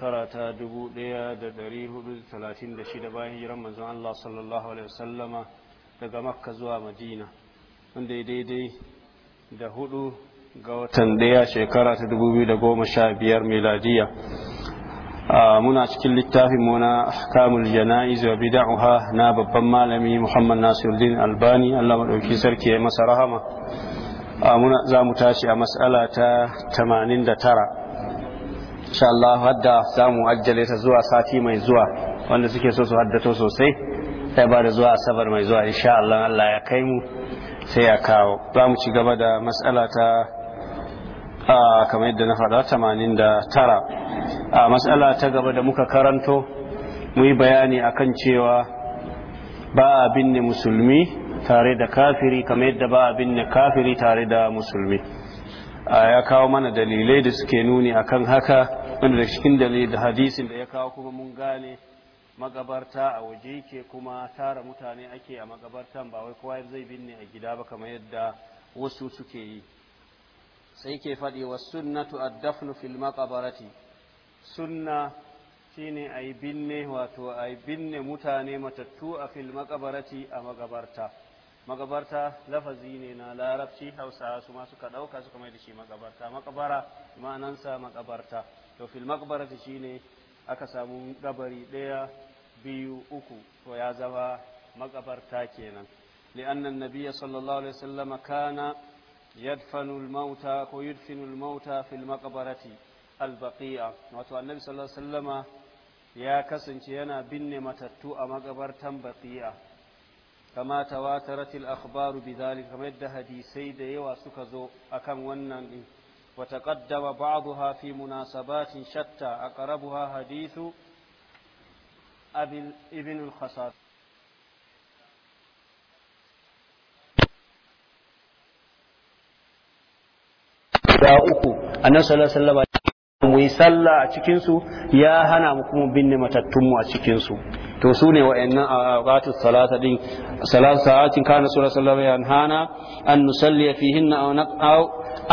shekara ta shida bayan hijiran manzon Allah sallallahu alaihi wasallama daga makka zuwa madina wanda ya daidai da hudu ga watan daya shekara ta da goma sha 2015 miladiya muna cikin littafin mu na ahkamul jana'iz wa bid'aha na babban malami Muhammad Nasiruddin Albani Allah madauki sarki ya masa rahama muna za mu tashi a mas'ala ta tara. insha Allah hadda samu ajjale ta zuwa sati mai zuwa wanda suke so su haddato sosai sai ba da zuwa asabar mai zuwa insha Allah Allah ya kai mu sai ya kawo za mu ci gaba da matsala ta kamar yadda na faɗa tamanin da tara a matsala ta gaba da muka karanto mu yi bayani akan cewa ba a binne musulmi tare da kafiri kamar yadda ba a binne kafiri tare da musulmi ya kawo mana dalilai da suke nuni akan haka wanda da cikin dalilai da hadisin da ya kawo kuma mun gane magabarta a waje ke kuma tara mutane ake a magabartan ba wai kowa zai binne a gida ba kamar yadda wasu suke yi sai ke faɗi wa sunnatu ad-dafnu fil maqabarati sunna shine ayi binne wato ayi binne mutane matattu a fil maqabarati a magabarta magabarta lafazi ne na larabci hausawa su ma suka ɗauka suka mai da shi magabarta makabara ma'anansa makabarta to fil makabara ta shi ne aka samu gabari ɗaya biyu uku to ya zama maƙabarta kenan li'annan nabiya sallallahu alaihi wasallam kana yadfanu almauta ko yudfinu almauta fil makabarati wato annabi sallallahu alaihi wasallama ya kasance yana binne matattu a makabartan baqiya كما تواترت الأخبار بذلك مد هديسيد يواسك ذو أكم ونن وتقدم بعضها في مناسبات شتى أقربها حديث أبي ابن الخصاب da'uku annabi sallallahu alaihi wasallam ya hana mu kuma binne matattunmu a cikin su to su ne wa'annan awqatu salata din sa'atin kana sura sallallahu alaihi hana an nusalli fihinna aw naqaw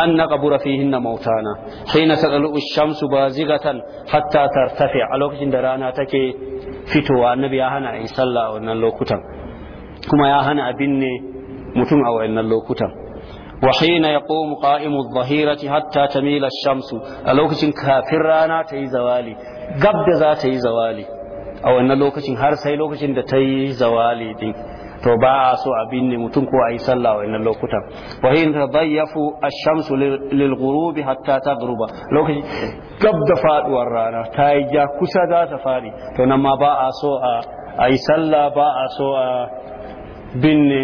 an naqbura fihinna mautana hina taqalu ash-shamsu bazigatan hatta tartafi a lokacin da rana take fitowa annabi ya hana yi sallah a wannan lokutan kuma ya hana abin ne mutum a wannan lokutan wa hina yaqumu qa'imu adh-dhahirati hatta tamila ash-shamsu a lokacin kafin rana ta yi zawali gabda za ta yi zawali a wannan lokacin har sai lokacin da ta yi zawali din to ba a so a binne mutum ko a yi sallah a wannan lokutan wa hin tadayyafu ash-shamsu lil ghurubi hatta taghruba lokacin gab da faduwar rana ta yi ja kusa za ta fari to nan ma ba a so a yi sallah ba a so a binne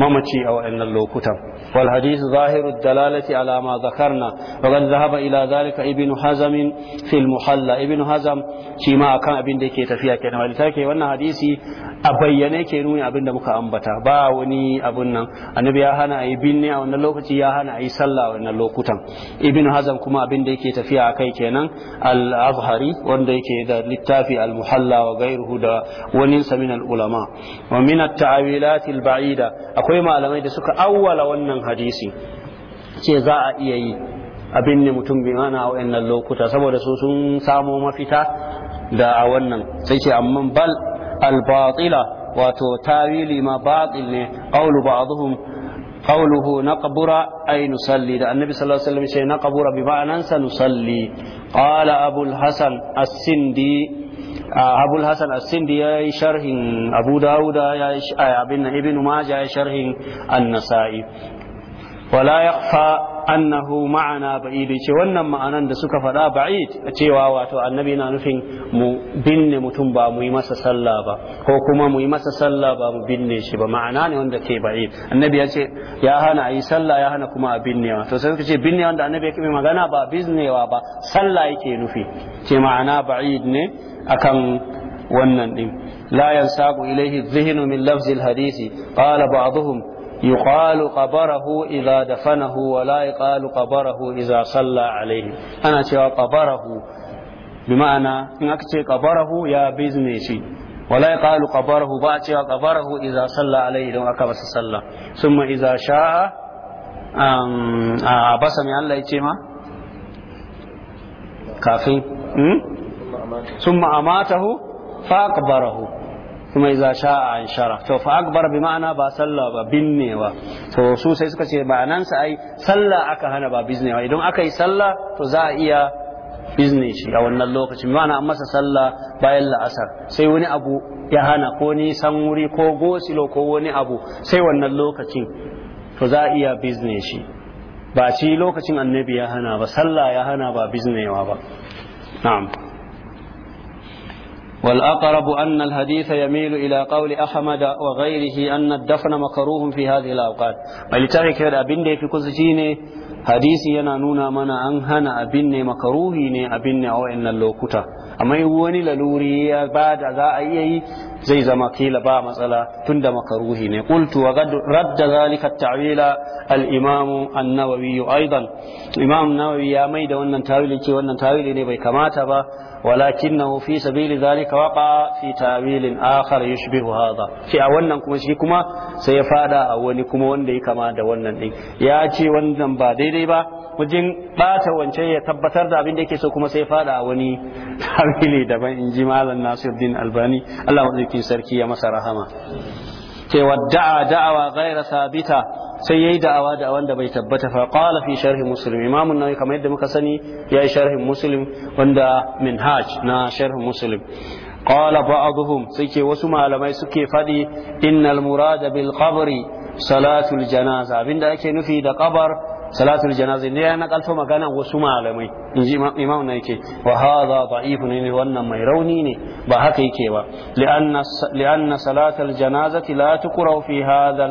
mamaci a waɗannan lokutan والحديث ظاهر الدلالة على ما ذكرنا وقد ذهب إلى ذلك ابن حزم في المحلى ابن حزم شما كان ابن ديكي تفيا كنا ولذلك وانا حديثي أبيني كنوني ابن دمك أنبتا باوني ابن النبي يهانا أي بني أو نلوكتي يهانا أي صلى ونلوكتا ابن حزم كما ابن ديكي تفيا كي كنا الأظهري وان ديكي ذا للتافي المحلى وغيره دا وننسى من العلماء ومن التعويلات البعيدة أقوي ما لم يدسك أول ونن hadisi ce za a iya yi abin ne mutum bi mana a wayannan lokuta saboda su sun samo mafita da a wannan sai ce amma bal albatila wato tawili ma batil ne qawlu ba'dhum qawluhu naqbura ay nusalli da annabi sallallahu alaihi wasallam sai naqbura bi ma'anan sa nusalli qala abul hasan as-sindi abul hasan as-sindi ya yi sharhin abu dawuda ya yi abin nan ibnu maja ya yi sharhin an-nasa'i wala fa annahu ma'ana ba'id ce wannan ma'anan da suka faɗa ba'id cewa wato annabi na nufin mu binne mutum ba mu yi masa sallah ba ko kuma mu yi masa sallah ba mu binne shi ba ma'ana ne wanda ke ba'id annabi ya ce ya hana ayi sallah ya hana kuma a binnewa to sai suka ce binne wanda annabi yake magana ba binnewa ba sallah yake nufi ce ma'ana ba'id ne akan wannan din la yansabu ilaihi dhihnu min lafzil hadisi qala ba'dhum Yuƙalu qabarahu idza dafanahu wa la yuqalu qabarahu idza salla ana cewa qabarahu bi ma'ana in aka ce qabarahu ya bizne shi wa la ba a cewa qabarahu idza salla alaihi don aka masa sallah summa idza sha'a ma amatahu kuma iza sha'a a shara to fa akbar bi ma'ana ba sallah ba binnewa to su sai suka ce ma'anan sa ai sallah aka hana ba biznewa idan aka yi sallah to za a iya bizne shi a wannan lokacin ma'ana an masa sallah bayan la'asar sai wani abu ya hana ko nisan wuri ko gosilo ko wani abu sai wannan lokacin to za a iya bizne shi ba ci lokacin annabi ya hana ba sallah ya hana ba biznewa ba na'am والأقرب أن الحديث يميل إلى قول أحمد وغيره أن الدفن مكروه في هذه الأوقات ولتعي كير أبنده في كزجيني حديث ينانونا من أنهنا أبنه مكروهيني أبنه أو إن اللوكتا أما يواني للوري بعد أذا أيه زي زما قيل با مسألة تند مكروهيني قلت وقد رد ذلك التعويل الإمام النووي أيضا الإمام النووي يا ميدا وأن التعويل كي وأن التعويل نبي كماتا با ولكنه في سبيل ذلك وقع في تأويل آخر يشبه هذا في أولنا كما شي كما سيفادا أولي كما وندي كما دا ونن دي يا شي ونن با ديدي با wajen bata wance ya tabbatar da abin da yake so kuma sai fada a wani tawili daban in ji malam Nasiruddin Albani Allah wadda sarki ya masa rahama cewa da'a da'awa ghaira sabita sai yayi da'awa da wanda bai tabbata fa qala fi sharh muslim imam an kamar yadda muka sani yayi sharhin muslim wanda minhaj na sharhin muslim qala ba'dhum suke wasu malamai suke fadi innal murada bil qabri salatul janaza abinda ake nufi da qabar salatul janaza ne ya nakalto magana wasu malamai in ji imam na yake wa hadha da'ifun ne wannan mai rauni ne ba haka yake ba li'anna salatul janazati la tukra fi hadha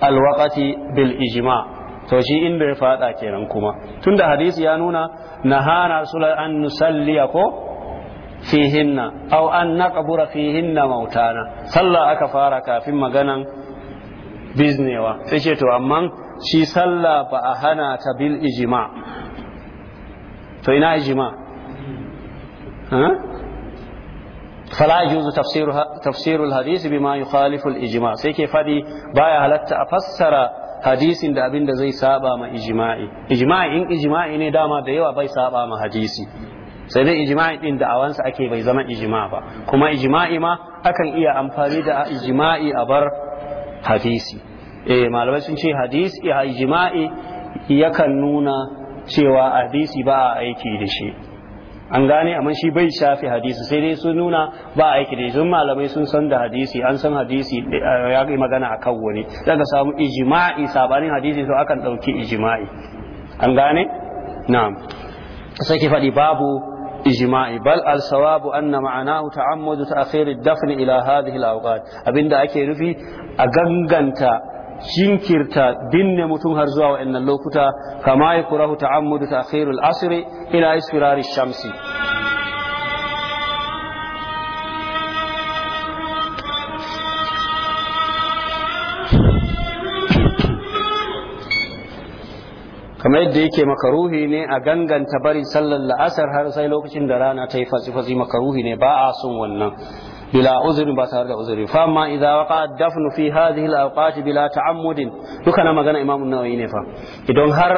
alwaqti bil ijma to shi inda ya fada kenan kuma tunda hadisi ya nuna nahana rasulullah an nusalliya ko fihinna aw an naqbura fihinna mautana sallah aka fara kafin maganan biznewa sai ce to amma shi sallah ba a hana ta bil ijima to ina ijima فلا يجوز تفسير تفسير الحديث بما يخالف الاجماع sai ke fadi baya halarta a fassara hadisin da abinda zai saba ma ijma'i ijma'i in ijma'i ne dama da yawa bai saba ma hadisi sai dai ijma'i din da awansa ake bai zama ijma ba kuma ijma'i ma akan iya amfani da ijima'i a bar hadisi eh malamai sun ce hadis ya eh, jima'i yakan nuna cewa hadisi ba a aiki da shi an gane amma shi bai shafi hadisi sai dai sun nuna ba a aiki da shi malamai sun san da hadisi an san hadisi eh, ya yi magana a kan wani daga samu ijima'i sabanin hadisi to akan ɗauki ijima'i an gane na'am sai ki faɗi babu ijma'i bal al sawabu anna ma'anahu ta'ammadu ta'khir ad-dafn ila hadhihi al-awqat abinda ake rufi a ganganta jinkirta binne mutum har zuwa wa'annan lokuta kama ya kurahu ta'ammudu ta'khirul asr ila isfirari shamsi kamar yadda yake makaruhi ne a ganganta bari sallar la'asar har sai lokacin da rana ta yi fasifasi makaruhi ne ba a son wannan bila uzuri ba tare da uzuri fa amma idza waqa dafnu fi hadhihi al-awqat bila ta'ammudin duka na magana Imam Nawawi fa idan har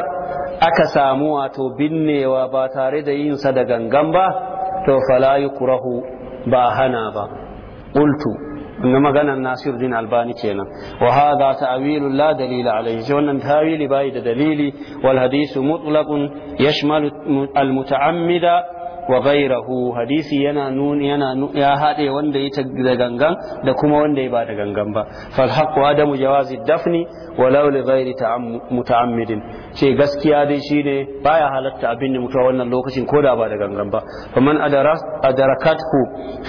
aka samu wato binnewa ba tare da yin sa da gangan ba to fala yukrahu ba hana ba qultu na maganar Nasiruddin Albani kenan wa hadha ta'wilu la dalila alayhi shi wannan tawili bai da dalili wal hadisu mutlaqun yashmalu al-muta'ammida wa ghairahu hadisi yana nuni yana ya haɗe wanda ya da gangan da kuma wanda ya ba da gangan ba fal haqqu adamu jawazi dafni walau li ghairi muta'ammidin ce gaskiya dai shine baya halarta abin da mutuwa wannan lokacin ko da ba da gangan ba faman adarakatku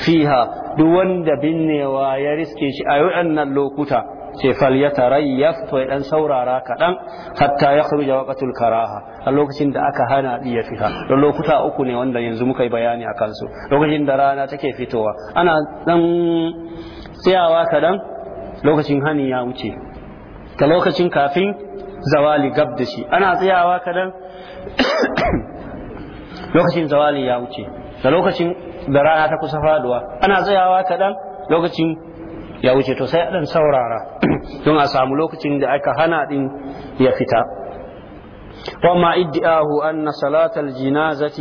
fiha duk wanda binnewa ya riske shi a waɗannan lokuta ce falyatarayyaf to ya dan saurara kaɗan hatta ya kharuja waqatul karaha a lokacin da aka hana din ya fita don lokuta uku ne wanda yanzu muka yi bayani a kansu lokacin da rana take fitowa ana ɗan tsayawa kaɗan lokacin hani ya wuce ta lokacin kafin zawali gab da shi ana tsayawa kaɗan lokacin zawali ya wuce da lokacin da rana ta kusa faduwa ana tsayawa kaɗan lokacin ya wuce to sai dan saurara don a samu lokacin da aka hana din ya fita وما ادعاه أن صلاة الجنازة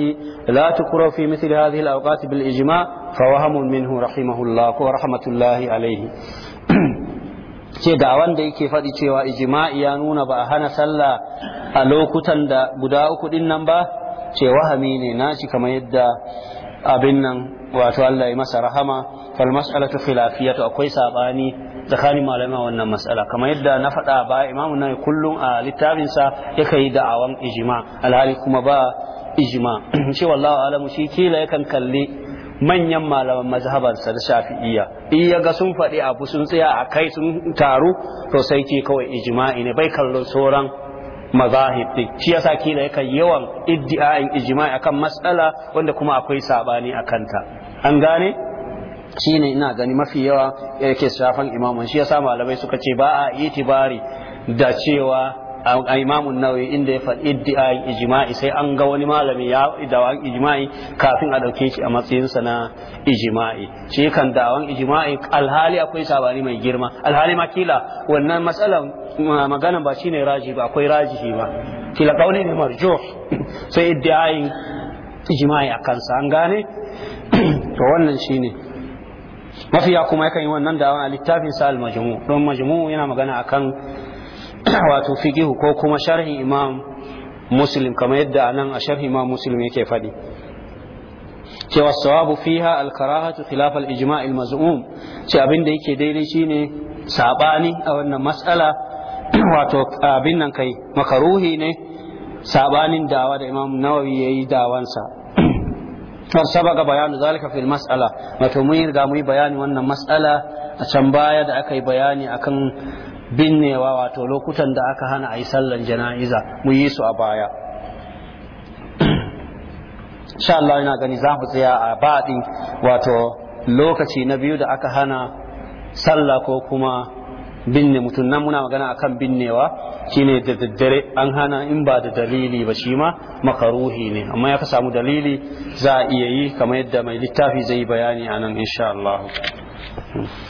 لا تقرأ في مثل هذه الأوقات بالإجماع فوهم منه رحمه الله ورحمة الله عليه ce da wanda yake faɗi cewa ijima'i ya nuna ba a hana sallah a lokutan da guda uku ɗin nan ba ce wahami ne na shi kamar yadda abin nan wato Allah ya masa rahama fal mas'alatu khilafiyatu akwai sabani tsakanin malama wannan mas'ala kamar yadda na faɗa ba imamu nan kullum a littafin sa yake yi da'awan ijma alhali kuma ba ijma shi wallahu alamu shi kila yakan kalli manyan malaman sa da shafi'iyya in ya ga sun faɗi abu sun tsaya a kai sun taru to sai ke kawai ijma'i ne bai kallon sauran mazahib din shi yasa kila yakan yawan iddi'ain ijma'i akan mas'ala wanda kuma akwai sabani akan ta an gane shine ina gani mafi yawa yake shafan imamun shi yasa malamai suka ce ba a itibari da cewa a imamun nawawi inda ya faɗi iddi'ayin ijma'i sai an ga wani malami ya da'awan ijma'i kafin a ɗauke shi a matsayinsa na ijma'i shi kan da'awan ijma'i alhali akwai sabani mai girma alhali ma kila wannan matsalan magana ba shine raji ba akwai shi ba kila kauli ne marjo sai iddi'ayin ijma'i a kansa an gane to wannan shine mafiya kuma yakan yi wannan da'awan a littafin sa al-majmu' don majmu' yana magana akan wato fiqihu ko kuma sharhin imam muslim kamar yadda anan a sharhin imam muslim yake faɗi cewa sawabu fiha al-karahatu khilaf al-ijma' al-maz'um ce abin da yake daidai shine sabani a wannan mas'ala wato abin nan kai makaruhi ne sabanin dawa da imam nawawi yayi dawansa har sabaka bayanu zalika fil mas'ala wato mun riga mu yi bayani wannan mas'ala a can baya da aka yi bayani akan binnewa wato lokutan da aka hana a yi sallan jana'iza mu yi su a baya sha Allah yana gani za mu tsaya a baɗi wato lokaci na biyu da aka hana sallah ko kuma binne mutum nan muna magana a kan binnewa shine da daddare an hana in ba da dalili ba shi ma makaruhi ne amma ya ka samu dalili za a iya yi kamar yadda mai littafi zai bayani a nan insha Allah